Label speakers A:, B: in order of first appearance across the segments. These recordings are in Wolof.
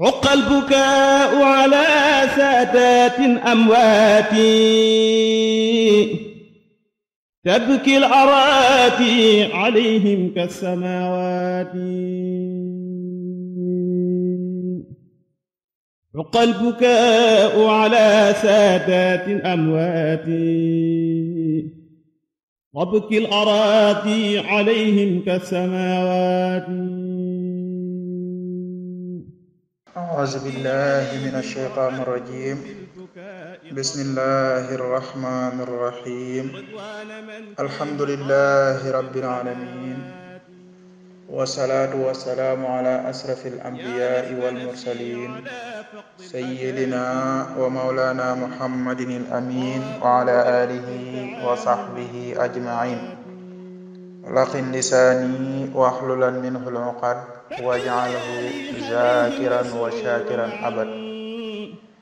A: عق البكاء على سادات أمواتي تبكي الأراتي عليهم كالسماوات عق البكاء على سادات أمواتي تبكي الأراتي عليهم كالسماوات أعوذ بالله من الشيطان الرجيم بسم الله الرحمن الرحيم الحمد لله رب العالمين والصلاة والسلام على أشرف الأنبياء والمرسلين سيدنا ومولانا محمد الأمين وعلى آله وصحبه أجمعين لقن لساني واحللا منه العقد waj'alhu zakiran wa shakiran abad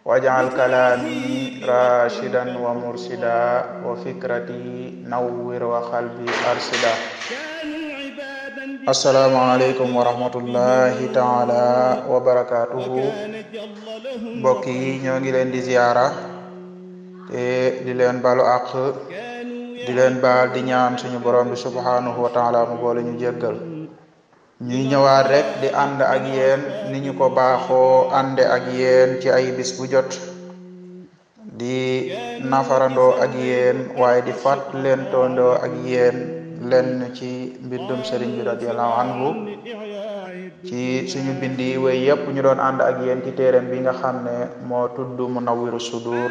A: waj'al kalami wa mursida wa fikrati nawwir wa qalbi arsida assalaamu aleykum wa rahmatullahi taala wa barakatuhu mbokk ñoo ngi leen di ziyaara di leen balu àq di leen baal di ñaan suñu borom bi subhanahu wa taala mu boole ñu jéggal ñu ñëwaat rek di ànd ak yéen ni ñu ko baaxoo ànde ak yéen ci ay bis bu jot di nafarandoo ak yéen waaye di fat leen toondoo ak yéen lenn ci mbindum sëriñ bi radiallahu anhu ci suñu bind yi wéy yépp ñu doon ànd ak yéen ci téereem bi nga xam ne moo tudd Munawwiru Sudur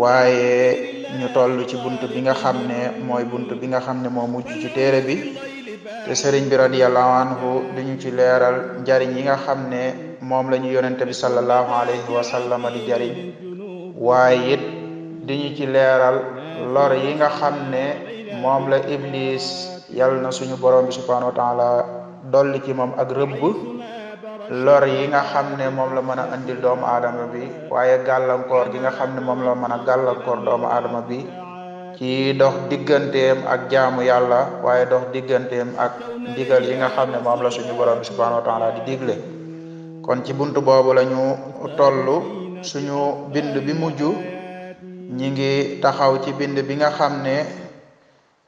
A: waaye ñu toll ci bunt bi nga xam ne mooy bunt bi nga xam ne moo mujj ci téere bi te sëriñ bi radiallahu anhu duñu ci leeral njariñ yi nga xam ne moom la ñu yonente bi sallallahu alayhi wa di jariñ waaye it duñu ci leeral lor yi nga xam ne moom la iblis yàlla na suñu borom bi subhanahu wa taala dolli ci moom ak rëbb lor yi nga xam ne moom la mën a indil doomu adama bi waaye gàllankoor gi nga xam ne moom la mën a gàllankoor doomu aadama bi ci dox digganteem ak jaamu yàlla waaye dox digganteem ak digal yi nga xam ne moom la suñu borom bi subhanahu di digle kon ci bunt boobu lañu ñu suñu bind bi mujj ñi ngi taxaw ci bind bi nga xam ne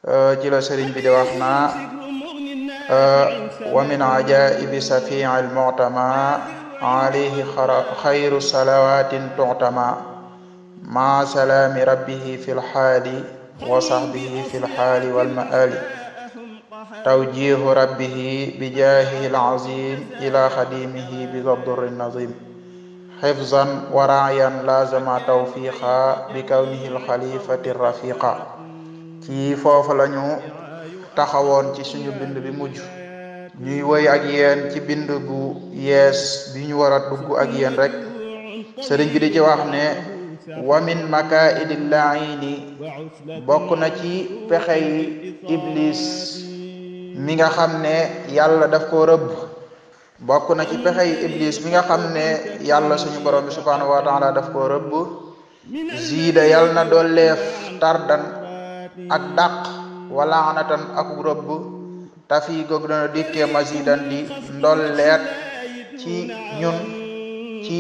A: euh, ci la sëriñ bi di wax naa euh, wa min ajaibi safii al mu'tama alayhi xayru salawatin tu'tama maa salaami rabbihi fi lxaali wa saxbihi fi lxaali walmaali tawjihu rabbihi bi jaahihi alazim ila xadimihi bi gabdurri nazim xifzan wa lazama tawfiqa bi kawnihi alxalifati rafiqa ci foofu lañu taxawoon ci suñu bind bi mujj ñuy woy ak yéen ci bind bu yees bi ñu war a dugg ak rek sëriñ bi di wa min makaidi laini bokk na ci pexey iblis mi nga xam ne yàlla def koo rëbb bokk na ci pexey iblis mi nga xam ne yàlla suñu borom bi subhanahu wa taala daf koo rëbb ziida yàlla na dolleef tardan ak dàq wala anatan ak rëbb tafi goog dana dikkee masidan di ndolleet ci ñun ci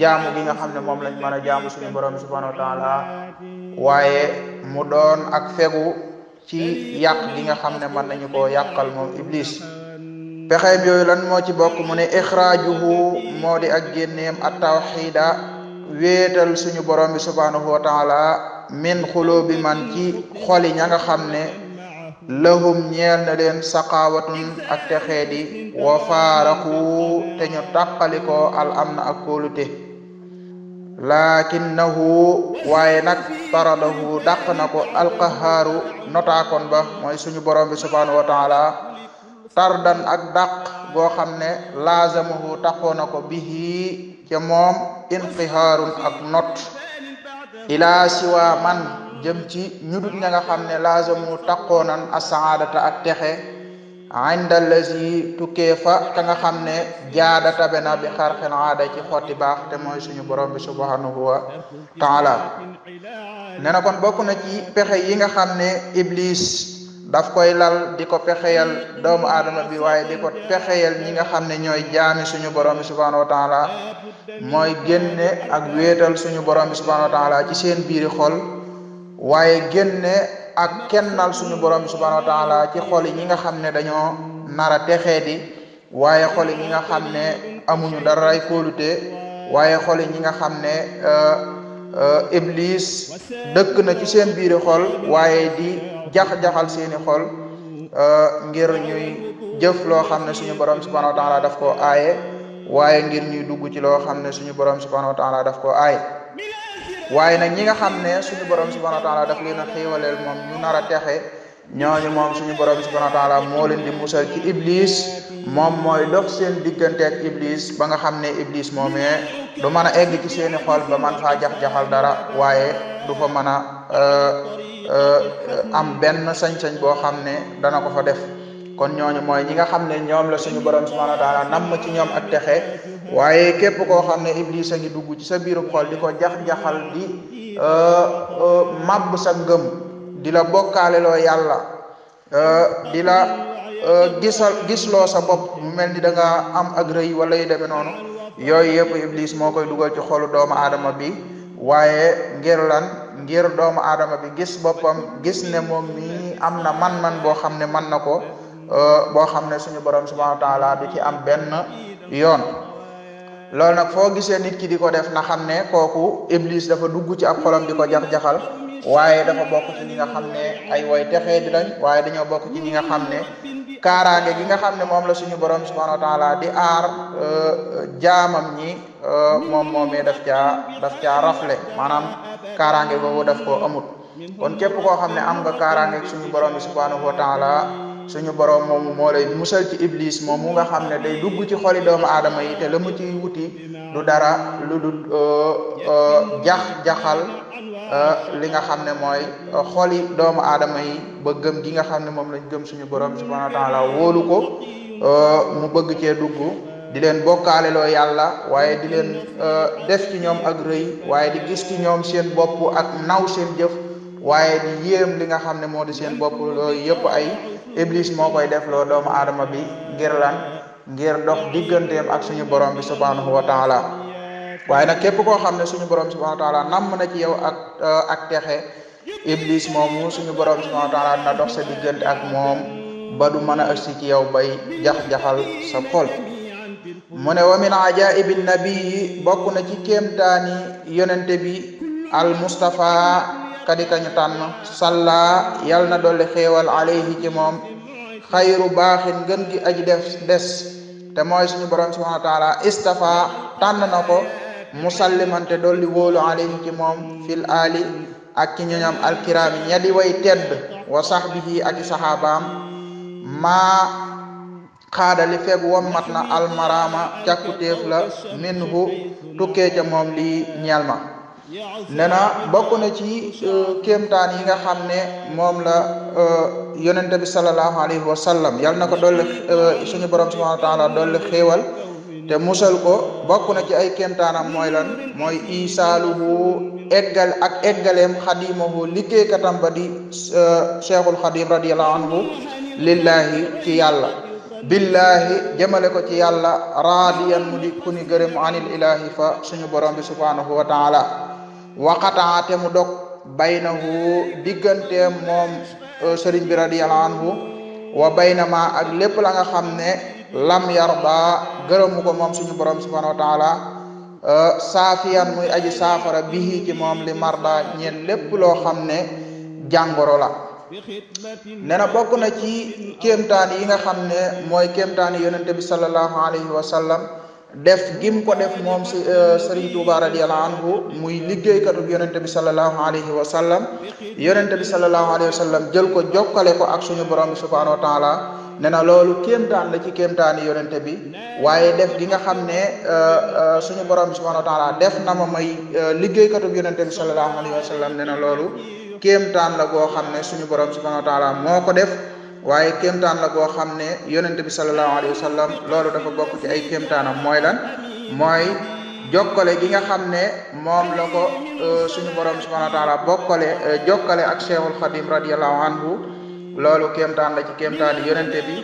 A: jaamu gi nga xam ne moom lañ mën a jaamu suñu borom subhanahu wa taala waaye mu doon ak fegu ci yàq gi nga xam ne mën nañu koo yàqal moom iblis pexeeb yooyu lan moo ci bokk mu ne ixraajuhu moo di ak génneem at tawxida wéetal suñu borom bi subhanahu wa taala min xulóobi man ci xoli ña nga xam ne lahum ñeel na leen saqaawatun ak texee di wa faaraku te ñu tàqalikoo al am na ak kóolute laakinnahu waaye nag taradahu dàq na ko alqahaaru notaakoon ba mooy suñu borombi bi subhaanahu wa taala tardan ak dàq goo xam ne laazamahu taqoo na ko bihi ca moom inqihaarun ak not ilaa man jëm ci ñu dut ña nga xam ne laazamu taqoonan asaadata ak texe indallas yi tukkee fa ta nga xam ne jaada tabe na bi xarxil aada ci xoti baax te mooy suñu borom bi subhanahu wa taala nee na kon bokk na ci pexe yi nga xam ne iblis daf koy lal di ko pexeyal doomu aadama bi waaye di ko pexeyal ñi nga xam ne ñooy jaami suñu borom bi subhanahu wa taala mooy génne ak wéetal suñu borom bi subhanahu wa taala ci seen biiri xol waaye génne ak kennal suñu borom bi subhanahu laa ci xol yi ñi nga xam ne dañoo nara texee di waaye xol yi ñi nga xam ne amuñu dara ay kóolute waaye xol ñi nga xam ne euh, euh, iblis dëkk na ci seen biiri xol waaye di jax-jaxal seeni xol euh, ngir ñuy jëf loo xam ne suñu borom subhanahu wa laa daf koo aaye waaye ngir ñuy dugg ci loo xam ne suñu borom subhanahu wa taala daf koo aaye waaye nag ñi nga xam ne suñu borom subhanahu wa taala daf leen a xéewaleel moom ñu nara a texe ñooñu moom suñu borom subhanahu wa taala moo leen di musal ci iblis moom mooy dox seen diggante ak iblis ba nga xam ne iblis moomee du mën a egg ci seeni xol ba man faa jax-jaxal dara waaye du fa mën a euh, euh, am benn sañ-sañ boo xam ne dana ko fa def kon ñooñu mooy ñi nga xam ne ñoom la suñu borom subhanahu wa taala namm ci ñoom ak texe waaye képp koo xam ne iblis a ngi dugg ci sa biiru xol di ko jax-jaxal di euh, euh, màbb sa ngëm di la bokkaale loo yàlla euh, di la gisal gisloo sa bopp mu mel ni da am ak rëy wala yu demee noonu yooyu yëpp iblis moo koy dugal ci xolu doomu aadama bi waaye ngir lan ngir doomu aadama bi gis boppam gis ne moom mii am na man-man boo xam ne man na ko Euh, boo xam ne suñu borom subhanahu wa taala du ci am benn yoon loolu nag foo gisee nit ki di ko def na xam ne kooku iblis dafa dugg ci ab xolam di ko jaxal waaye dafa bokk ci ñi nga xam ne ay woy texee di lañ waaye dañoo bokk ci ñi nga xam ne kaaraange gi nga xam ne moom la suñu borom subhanahu wa taala di aar euh, jaamam ñi euh, moom moomee daf caa daf caa rafle maanaam kaaraange boobu daf koo amut kon képp koo xam ne am nga kaaraange suñu borom bi subhanahu suñu borom moomu moo lay musal ci iblis moom mu nga xam ne day dugg ci xoli doomu aadama yi te la mu ciy wuti du dara lu du euh, euh, jax jaxal euh, li nga xam ne mooy xoli doomu aadama yi ba gëm gi nga xam ne moom lañu gëm suñu borom subhanahu wa taala wóolu ko mu bëgg cee dugg di leen bokkaale loo yàlla waaye di leen def ci ñoom ak rëy waaye di gis ci ñoom seen bopp ak naw seen jëf waaye di yéem li nga xam ne moo di seen bopp loolu yëpp ay. iblis moo koy defloo doomu adama bi ngir lan ngir dox digganteem ak suñu borom bi subhanahu wa taala waaye nag képp koo xam ne suñu borom bi na ci yaw ak euh, ak texe iblis moomu suñu borom bi subhanahu wa taala dina dox sa diggante ak moom ba du mën a agsi ci yaw bay jax-jaxal sa xol mu ne wa min ajaibi nabi na ci kéemtaani yonente bi al mustafa kadi kañu tànn salla yal na dolli xéewal alayhi xayru baaxin gën gi aji def des te mooy suñu borom subhanahu wa taala istafa tànn na ko musallimante dolli wóolu alayhi ci moom fil ali ak ci ñoñam alkiraami ñadi way tedd wa sahbihi ak i sahabaam maa xaadali feg wommat na almarama càkkutéef la minhu tukkee ca moom lii ñeel nee na bokk na ci euh, kéemtaan yi nga xam ne moom la euh, yonente bi sallallahu alayhi wa sallam yal na ko dolli euh, suñu borom subhanahu wa taala dolli xéewal te musal ko bokk na ci ay kéemtaanam mooy lan mooy isaaluhu eggal ak eggaleem xadimahu liggéeykatam ba di cheikhul xadim radiallahu anhu lillahi ci yàlla billahi jëmale ko ci yàlla raadiyan mu di kuni gërëm anil ilahi fa suñu borom bi subhanahu wa taala waqataa te mu dog baynahu diggante moom euh, sëriñ bi radiyallahu anhu wa baynama ak lépp la nga xam ne lam yarda gërëmu ko moom suñu borom subhanahu wa taala euh, saafiyan muy aji saafara bihi ci moom li marda ñeen lépp loo xam ne jàngoro la ne na bokk na ci kéemtaan yi nga xam ne mooy kéemtaan yi yonente bi sallallahu alayhi wa def gim ko def moom si euh, Serigne Touba radiyallahu anhu muy liggéeykatu yonente bi sallallahu alayhi wa sallam yonente bi sallallahu alayhi wa jël ko jokkale ko ak suñu borom bi subhanahu wa taala ne na loolu taan la ci kéemtaani yonente bi waaye def gi nga xam ne euh, euh, suñu borom bi subhanahu wa taala def na ma may liggéeykatu yonente bi sallallahu alayhi wa sallam ne na loolu kéemtaan la goo xam ne suñu borom bi subhanahu wa taala moo ko def waaye kéemtaan la boo xam ne yonent bi sallallahu alayhi wa sallam loolu dafa bokk ci ay kéemtaanam mooy lan mooy jokkale gi nga xam ne moom la ko euh, suñu borom subhanahu wa taala bokkale euh, jokkale ak cheikhul xadim radiallahu anhu loolu kéemtaan la ci kéemtaan yonente bi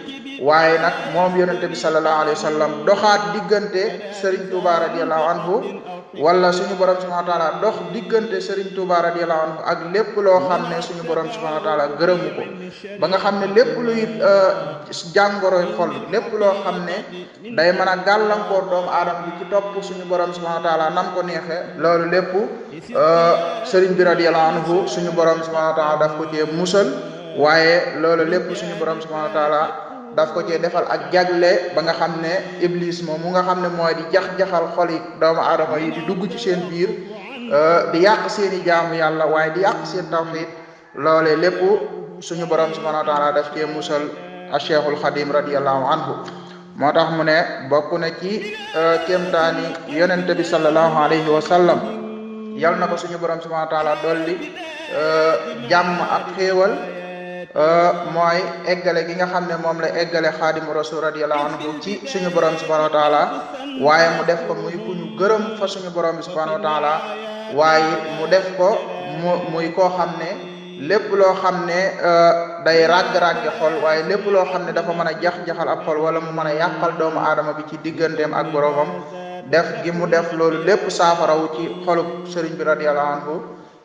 A: waaye nag moom yonente bi sallallahu alayhi wa doxaat diggante Serigne Touba radiyallahu anhu wala suñu borom subhanahu wa dox diggante Serigne Touba radiyallahu anhu ak lépp loo xam ne suñu borom subhanahu wa taala gërëmu ko ba nga xam ne lépp luy euh, jàngoroy xol lépp loo xam ne day mën a gàllankoor doomu aadama bi ci topp suñu borom subhanahu wa taala nam ko neexe loolu lépp euh, Serigne bi radiyallahu anhu suñu borom subhanahu ko cee waaye loolu lépp suñu borom subhanahu wa taala daf ko cee defal ak jagle ba nga xam ne iblis moom mu nga xam ne mooy di jax-jaxal xol yi doomu aadama yi di dugg ci seen biir euh, di yàq seeni jaamu yàlla waaye di yàq seen tawxiid loole lépp suñu borom subhanahu wa taala daf cee musal a cheikhul xadim radiallahu anhu moo tax mu ne bokk na ci euh, kéemtaani yonente bi sallallahu alayhi wa sallam yal na ko suñu borom subhanahu wa taala dolli euh, jàmm ak xéewal Euh, mooy eggale gi nga xam ne moom la eggale xaadimu rasul radiallahu anhu ci suñu borom bi subhanahu wa waaye mu def ko muy gërëm fa suñu borom bi subhanahu wa taala waaye mu def ko mu muy koo xam ne lépp loo xam ne euh, day ràgg-ràggi xol waaye lépp loo xam ne dafa mën a jax-jaxal ab xol wala mu mën a yàqal doomu adama bi ci digganteem ak boromam def gi mu def loolu lépp saafarawu ci xolub sëriñ bi radiallahu anhu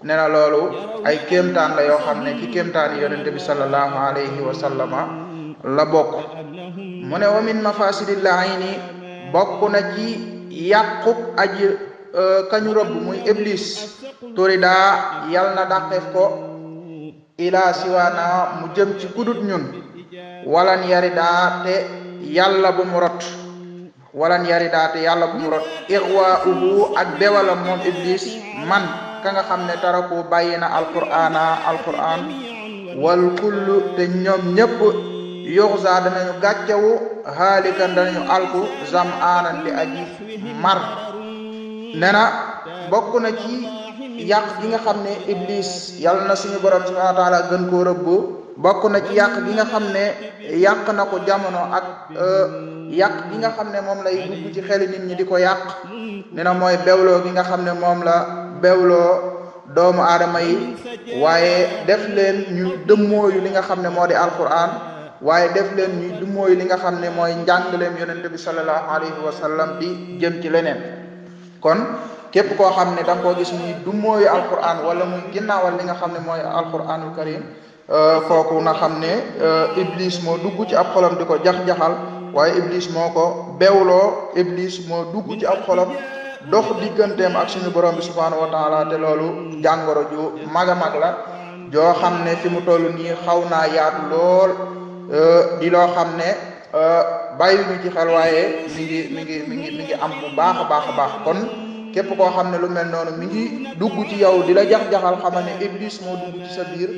A: nee na loolu ay kéemtaan la yoo xam ne ci kéemtaan yi yonente bi sallallahu alayhi wa la bokk mu ne wa min mafasidil ayni bokk na ci yàqub aji e, kañu rëbb muy iblis turi daa yal na dàqeef ko ilaa siwaana mu jëm ci kudut ñun walan yari daa te yàlla bu mu rot walan yari daa te yàlla bu mu rot ixwa ubu ak bewalam moom iblis man ka nga xam ne taraku bàyyi na alqur'ana alqur'an wal kullu te ñoom ñëpp yuxza danañu gàccewu haalikan danañu alku zam aanan di aji mar nee na bokk na ci yàq gi nga xam ne iblis yàlla na suñu borom subhanahu gën koo rëbb bokk na ci yàq gi nga xam ne yàq na ko jamono ak euh, yàq gi nga xam ne moom lay dugg ci xeli ñi di ko yàq nee mooy bewloo gi nga xam ne moom la bewloo doomu aadama yi waaye def leen ñu dëmmooyu li nga xam ne moo di alquran waaye def leen ñuy dëmmooyu li nga xam ne mooy njàngaleem yonente bi sallallahu alayhi wa sallam di jëm ci leneen kon képp koo xam ne da nga koo gis muy dummooyu alquran wala muy ginnaawal li nga xam ne mooy alquranul karim euh, kooku na xam ne euh, iblis moo dugg ci ab xolam di ko jax-jaxal waaye iblis moo ko bewloo iblis moo dugg ci ab xolom dox digganteem ak suñu borom bi subhaanahu wa taala te loolu jàngoro ju mag la joo xam ne fi mu toll nii xaw naa yaat lool euh, di loo xam ne euh, bàyyi ñu ci xel waaye mi ngi mi am bu baax a baax a baax kon képp koo xam ne lu mel noonu mi ngi dugg ci yow di la jax-jaxal xamal ne iblis moo dugg ci sa biir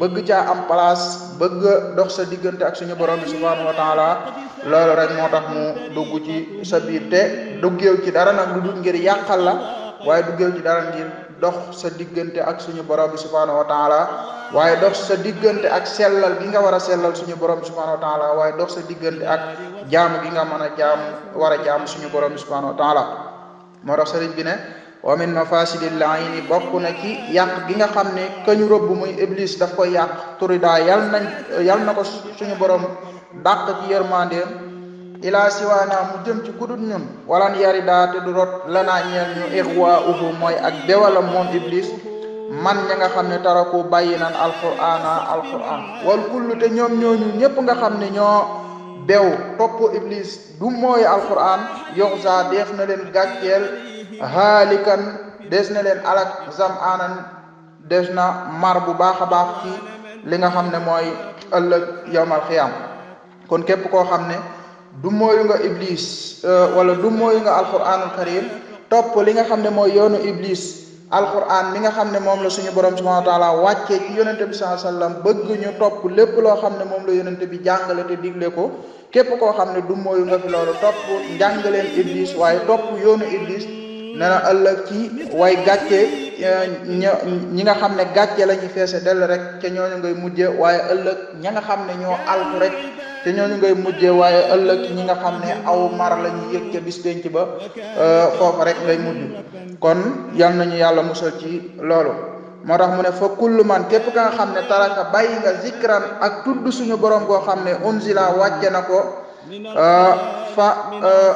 A: bëgg caa am place bëgg a dox sa diggante ak suñu borom bi subhanahu wa taala loolu rek moo tax mu dugg ci sa biir te duggeew ci dara nag ngir yàqal la waaye duggeew ci dara ngir dox sa diggante ak suñu borom bi subhanahu wa waaye dox sa diggante ak sellal gi nga war a sellal suñu borom bi subhanahu wa taala waaye dox sa diggante ak jaamu gi nga mën jaam war a jaam suñu borom bi subhanahu wa taala moo tax bi ne wa min mafasidil ayni bokk na ci yàq gi nga xam ne kañu rëbb muy iblis daf koy yàq turi daa yal nañ na ko suñu borom dàq ci yërmandeem ilaa siwaana mu jëm ci kudut ñun walan yari daa te du rot lanaa ñeel ñu ixwa uhu mooy ak dewalam moom iblis man ña nga xam ne taraku bàyyi nan alqurana alquran wal kullu te ñoom ñooñu ñëpp nga xam ne ñoo bew topp iblis du mooy alquran yox sa deef na leen gàcceel haalikan des na leen alak zam anan des na mar bu baax a baax ci li nga xam ne mooy ëllëg yawmal xiyaam kon képp koo xam ne du mooyu nga iblis euh, wala du mooyu nga alquranul karim topp li nga xam ne mooy yoonu iblis alquran mi nga xam ne moom la suñu borom subhanahu wa taala wàccee ci yonente bi sallallahu alayhi wasallam bëgg ñu topp lépp loo xam ne moom la yonente bi jàngale te digle ko képp koo xam ne du mooyu nga fi loolu topp njàngaleen iblis waaye topp yoonu iblis ne na ëllëg ci way gàcce ñi nga xam ne gàcce la ñuy feese dell rek ca ñooñu ngay mujj waaye ëllëg ña nga xam ne ñoo alku rek te ñooñu ngay mujjee waaye ëllëg ñi nga xam ne aw mar la ñu yëg ca bis penc ba euh, foofa rek ngay mujj kon yal nañu yàlla musal ci loolu moo tax mu ne fa kullu man képp ka nga xam ne taraka bàyyi nga zikran ak tudd suñu borom goo xam ne unzila wàcce na ko euh, fa euh,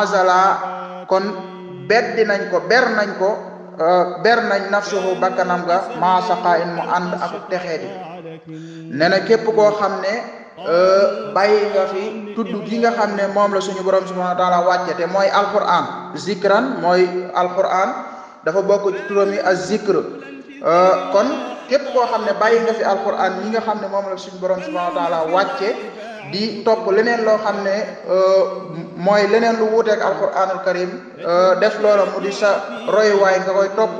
A: azala kon beddi nañ ko ber nañ ko ber nañ nafsuhu bakkanam ga maasaqaa in mu ànd ak texee di nee na xam ne Euh, bàyyi nga fi tudd gi nga xam ne moom la suñu borom subhanahu wa taala wàcce te mooy alquran zikran mooy alquran dafa bokk ci turam yi az zikr euh, kon képp koo xam ne bàyyi nga fi alquran ñi nga xam ne moom la suñu borom subhanahu wa taala wàcce di topp leneen loo xam ne euh, mooy leneen lu wuuteeg alquranul karim def loola mu di sa royuwaay nga koy topp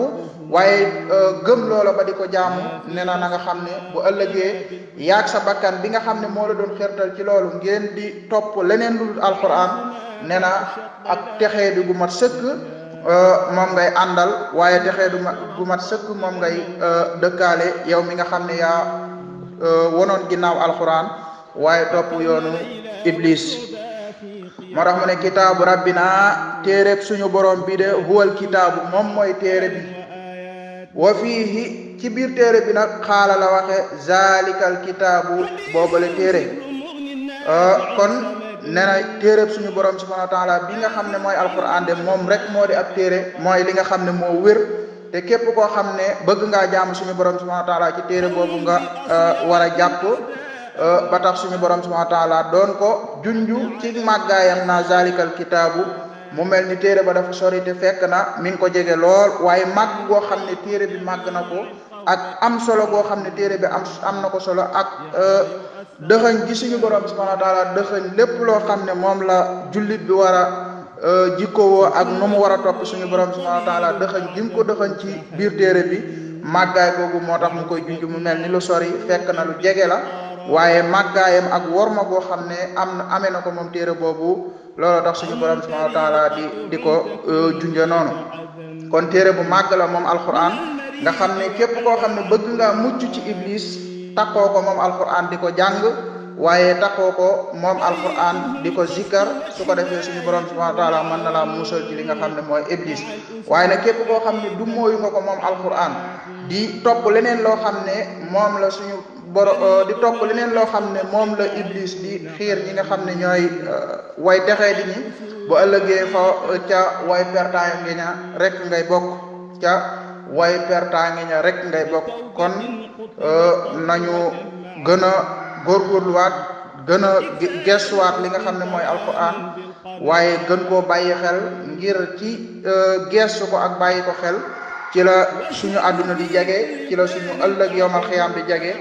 A: waaye euh, gëm loola ba di ko jaamu ne na na nga xam ne bu ëllëgee yaag sa bakkan bi nga xam ne moo la doon xirtal ci loolu ngeen di topp leneen lu dul alquran ne na ak texee bi gu mat sëkk euh, moom ngay àndal waaye texee du ma gu mat sëkk moom ngay euh, dëkkaale yow mi nga xam ne yaa wonoon ginnaaw alquran waaye topp yoonu iblis suñu borom bi de huwal moom mooy téere wo fiihi ci biir téere bi nag xaala la waxe zalikal kitaabu boobale téere euh, kon nee na téere suñu borom subhanahu taala bi nga xam ne mooy alquran de moom rek moo di ab téere mooy li nga xam ne moo wér te képp koo xam ne bëgg ngaa jaamu suñu borom subhanahu taala ci téere boobu nga euh, war a jàpp euh, ba tax suñu borom subhanahu wa taala doon ko junju ci màggaayam na zalikal kitaabu mu mel ni téere ba dafa sori te fekk na mi ngi ko jege lool waaye màgg goo xam ne téere bi màgg na ko ak am solo goo xam ne téere bi am am na ko solo ak euh, dëxëñ gi suñu borom subhanahu lépp loo xam ne moom la jullit bi war a euh, jikkowoo ak nu mu war a topp suñu borom subhanahu wa taala dëxëñ gi mu ko dëxëñ ci biir téere bi màggaay googu moo tax mu koy junj mu mel ni lu sori fekk na lu jege la waaye màggaayam ak worma goo xam ne am amee na ko moom téere boobu. loolo tax suñu borom subhanahu wa taala di ko euh, junja noonu kon téere bu màgg la moom alquran nga xam ne képp koo xam ne bëgg ngaa mucc ci iblis takkoo ko moom alquran di ko jàng waaye takkoo ko moom alquran di ko zikkar su ko defee suñu borom subhanahu wa taala mën na laa musal ci li nga xam ne mooy iblis waaye nag képp koo xam ne du moyu nga ko moom alquran di topp leneen loo xam ne moom la suñu boro euh, di topp leneen loo xam ne moom la iblis di xiir ñi nga xam ne ñooy euh, way texee di ñi bu ëllëgee fa euh, ca way pertaay ngi ña rek ngay bokk ca way pertaay ngi ña rek ngay bokk kon nañu gën a góorgóorluwaat gën a gestuwaat li nga xam ne mooy alquran waaye gën koo bàyyi xel ngir ci euh, gestu ko ak bàyyi ko xel ci la suñu àdduna di jege ci la suñu ëllëg yowmal xiyaam di jage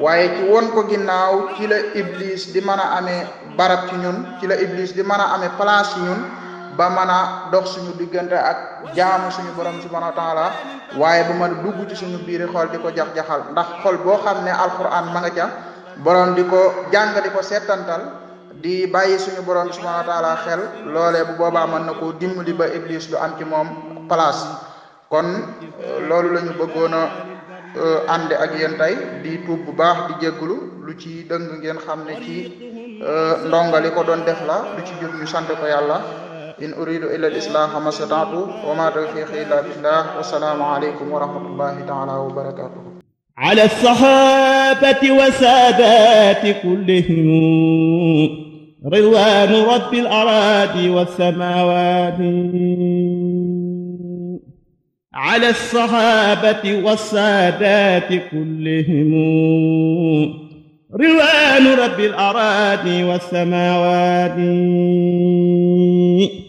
A: waaye ci won ko ginnaaw ci la iblis di mën a amee barab ci ñun ci la iblis di mën a amee place ci ñun ba mën a dox suñu diggante ak jaamu suñu borom subhanahu wa taala waaye bu mën a dugg ci suñu biiri xol di ko jax-jaxal ndax xool boo xam ne alquran ma nga ca borom di ko jàng ko seetantal di bàyyi suñu borom subhanahu wa taala xel loole bu boobaa mën na koo dimbali ba iblis du am ci moom place kon euh, loolu la ñu bëggoon a euh, ànd ak yéen tey di tuub bu baax di jégglu lu ci dëng ngeen xam ne ci euh, ndonga li ko doon def la lu ci jub ñu sant ko yàlla in uridu illa al islaha mastata'tu wa ma tawfiqi illa billah wa salaamu alaykum wa rahmatullahi taala wa barakatuh على الصحابة والسادات كلهم رضوان رب الأراضي والسماوات على الصحابة والسادات كلهم رضوان رب الأراضي والسماوات